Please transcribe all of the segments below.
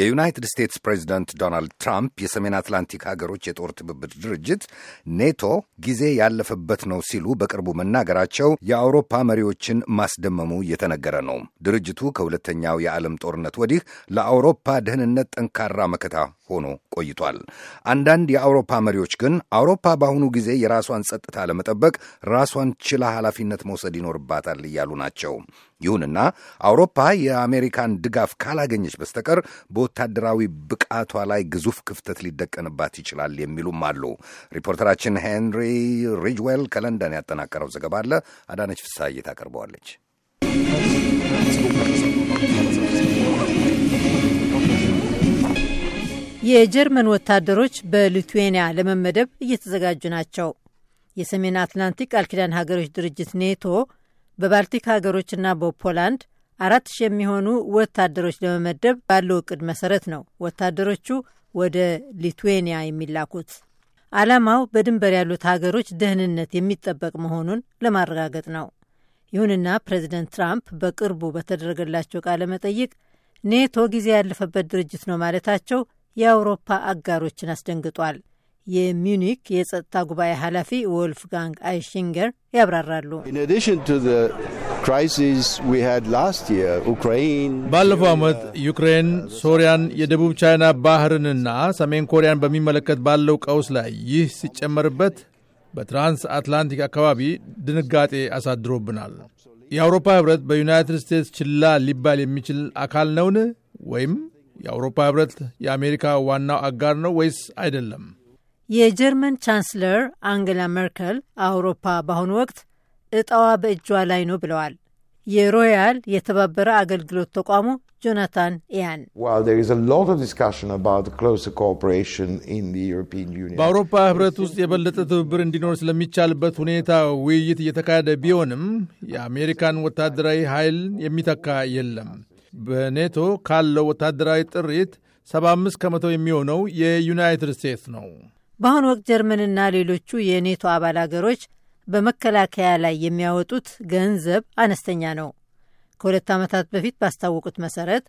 የዩናይትድ ስቴትስ ፕሬዚደንት ዶናልድ ትራምፕ የሰሜን አትላንቲክ ሀገሮች የጦር ትብብር ድርጅት ኔቶ ጊዜ ያለፈበት ነው ሲሉ በቅርቡ መናገራቸው የአውሮፓ መሪዎችን ማስደመሙ እየተነገረ ነው። ድርጅቱ ከሁለተኛው የዓለም ጦርነት ወዲህ ለአውሮፓ ደህንነት ጠንካራ መከታ ሆኖ ቆይቷል። አንዳንድ የአውሮፓ መሪዎች ግን አውሮፓ በአሁኑ ጊዜ የራሷን ጸጥታ ለመጠበቅ ራሷን ችላ ኃላፊነት መውሰድ ይኖርባታል እያሉ ናቸው። ይሁንና አውሮፓ የአሜሪካን ድጋፍ ካላገኘች በስተቀር በወታደራዊ ብቃቷ ላይ ግዙፍ ክፍተት ሊደቀንባት ይችላል የሚሉም አሉ። ሪፖርተራችን ሄንሪ ሪጅዌል ከለንደን ያጠናቀረው ዘገባ አለ። አዳነች ፍስሐዬ ታቀርበዋለች። የጀርመን ወታደሮች በሊቱዌንያ ለመመደብ እየተዘጋጁ ናቸው። የሰሜን አትላንቲክ ቃል ኪዳን ሀገሮች ድርጅት ኔቶ በባልቲክ ሀገሮችና በፖላንድ አራት ሺህ የሚሆኑ ወታደሮች ለመመደብ ባለው እቅድ መሰረት ነው ወታደሮቹ ወደ ሊትዌኒያ የሚላኩት። ዓላማው በድንበር ያሉት ሀገሮች ደህንነት የሚጠበቅ መሆኑን ለማረጋገጥ ነው። ይሁንና ፕሬዚደንት ትራምፕ በቅርቡ በተደረገላቸው ቃለ መጠይቅ ኔቶ ጊዜ ያለፈበት ድርጅት ነው ማለታቸው የአውሮፓ አጋሮችን አስደንግጧል። የሚዩኒክ የጸጥታ ጉባኤ ኃላፊ ወልፍጋንግ አይሽንገር ያብራራሉ። ባለፈው ዓመት ዩክሬን ሶሪያን፣ የደቡብ ቻይና ባህርንና ሰሜን ኮሪያን በሚመለከት ባለው ቀውስ ላይ ይህ ሲጨመርበት በትራንስ አትላንቲክ አካባቢ ድንጋጤ አሳድሮብናል። የአውሮፓ ህብረት በዩናይትድ ስቴትስ ችላ ሊባል የሚችል አካል ነውን? ወይም የአውሮፓ ህብረት የአሜሪካ ዋናው አጋር ነው ወይስ አይደለም? የጀርመን ቻንስለር አንገላ ሜርከል አውሮፓ በአሁኑ ወቅት እጣዋ በእጇ ላይ ነው ብለዋል። የሮያል የተባበረ አገልግሎት ተቋሙ ጆናታን ኢያን በአውሮፓ ህብረት ውስጥ የበለጠ ትብብር እንዲኖር ስለሚቻልበት ሁኔታ ውይይት እየተካሄደ ቢሆንም የአሜሪካን ወታደራዊ ኃይል የሚተካ የለም። በኔቶ ካለው ወታደራዊ ጥሪት 75 ከመቶ የሚሆነው የዩናይትድ ስቴትስ ነው። በአሁኑ ወቅት ጀርመንና ሌሎቹ የኔቶ አባል አገሮች በመከላከያ ላይ የሚያወጡት ገንዘብ አነስተኛ ነው። ከሁለት ዓመታት በፊት ባስታወቁት መሰረት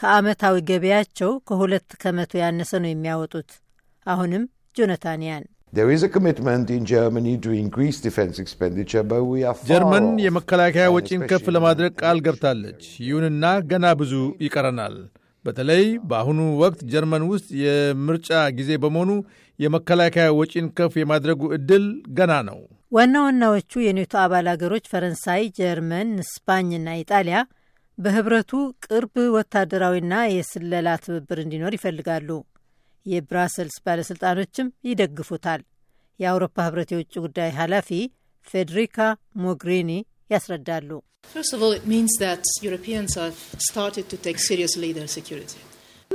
ከዓመታዊ ገበያቸው ከሁለት ከመቶ ያነሰ ነው የሚያወጡት። አሁንም ጆነታንያን ጀርመን የመከላከያ ወጪን ከፍ ለማድረግ ቃል ገብታለች። ይሁንና ገና ብዙ ይቀረናል። በተለይ በአሁኑ ወቅት ጀርመን ውስጥ የምርጫ ጊዜ በመሆኑ የመከላከያ ወጪን ከፍ የማድረጉ እድል ገና ነው። ዋና ዋናዎቹ የኔቶ አባል አገሮች ፈረንሳይ፣ ጀርመን፣ ስፓኝና ኢጣሊያ በህብረቱ ቅርብ ወታደራዊና የስለላ ትብብር እንዲኖር ይፈልጋሉ። የብራሰልስ ባለሥልጣኖችም ይደግፉታል። የአውሮፓ ህብረት የውጭ ጉዳይ ኃላፊ ፌዴሪካ ሞግሪኒ ያስረዳሉ።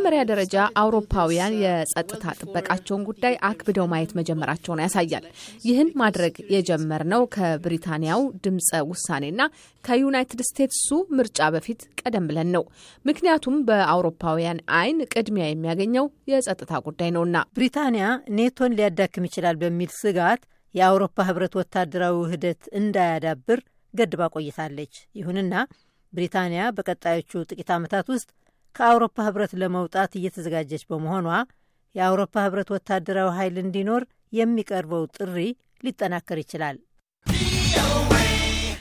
መጀመሪያ ደረጃ አውሮፓውያን የጸጥታ ጥበቃቸውን ጉዳይ አክብደው ማየት መጀመራቸውን ያሳያል። ይህን ማድረግ የጀመርነው ከብሪታንያው ድምፀ ውሳኔና ከዩናይትድ ስቴትሱ ምርጫ በፊት ቀደም ብለን ነው። ምክንያቱም በአውሮፓውያን አይን ቅድሚያ የሚያገኘው የጸጥታ ጉዳይ ነውና። ብሪታንያ ኔቶን ሊያዳክም ይችላል በሚል ስጋት የአውሮፓ ሕብረት ወታደራዊ ውህደት እንዳያዳብር ገድባ ቆይታለች። ይሁንና ብሪታንያ በቀጣዮቹ ጥቂት ዓመታት ውስጥ ከአውሮፓ ህብረት ለመውጣት እየተዘጋጀች በመሆኗ የአውሮፓ ህብረት ወታደራዊ ኃይል እንዲኖር የሚቀርበው ጥሪ ሊጠናከር ይችላል።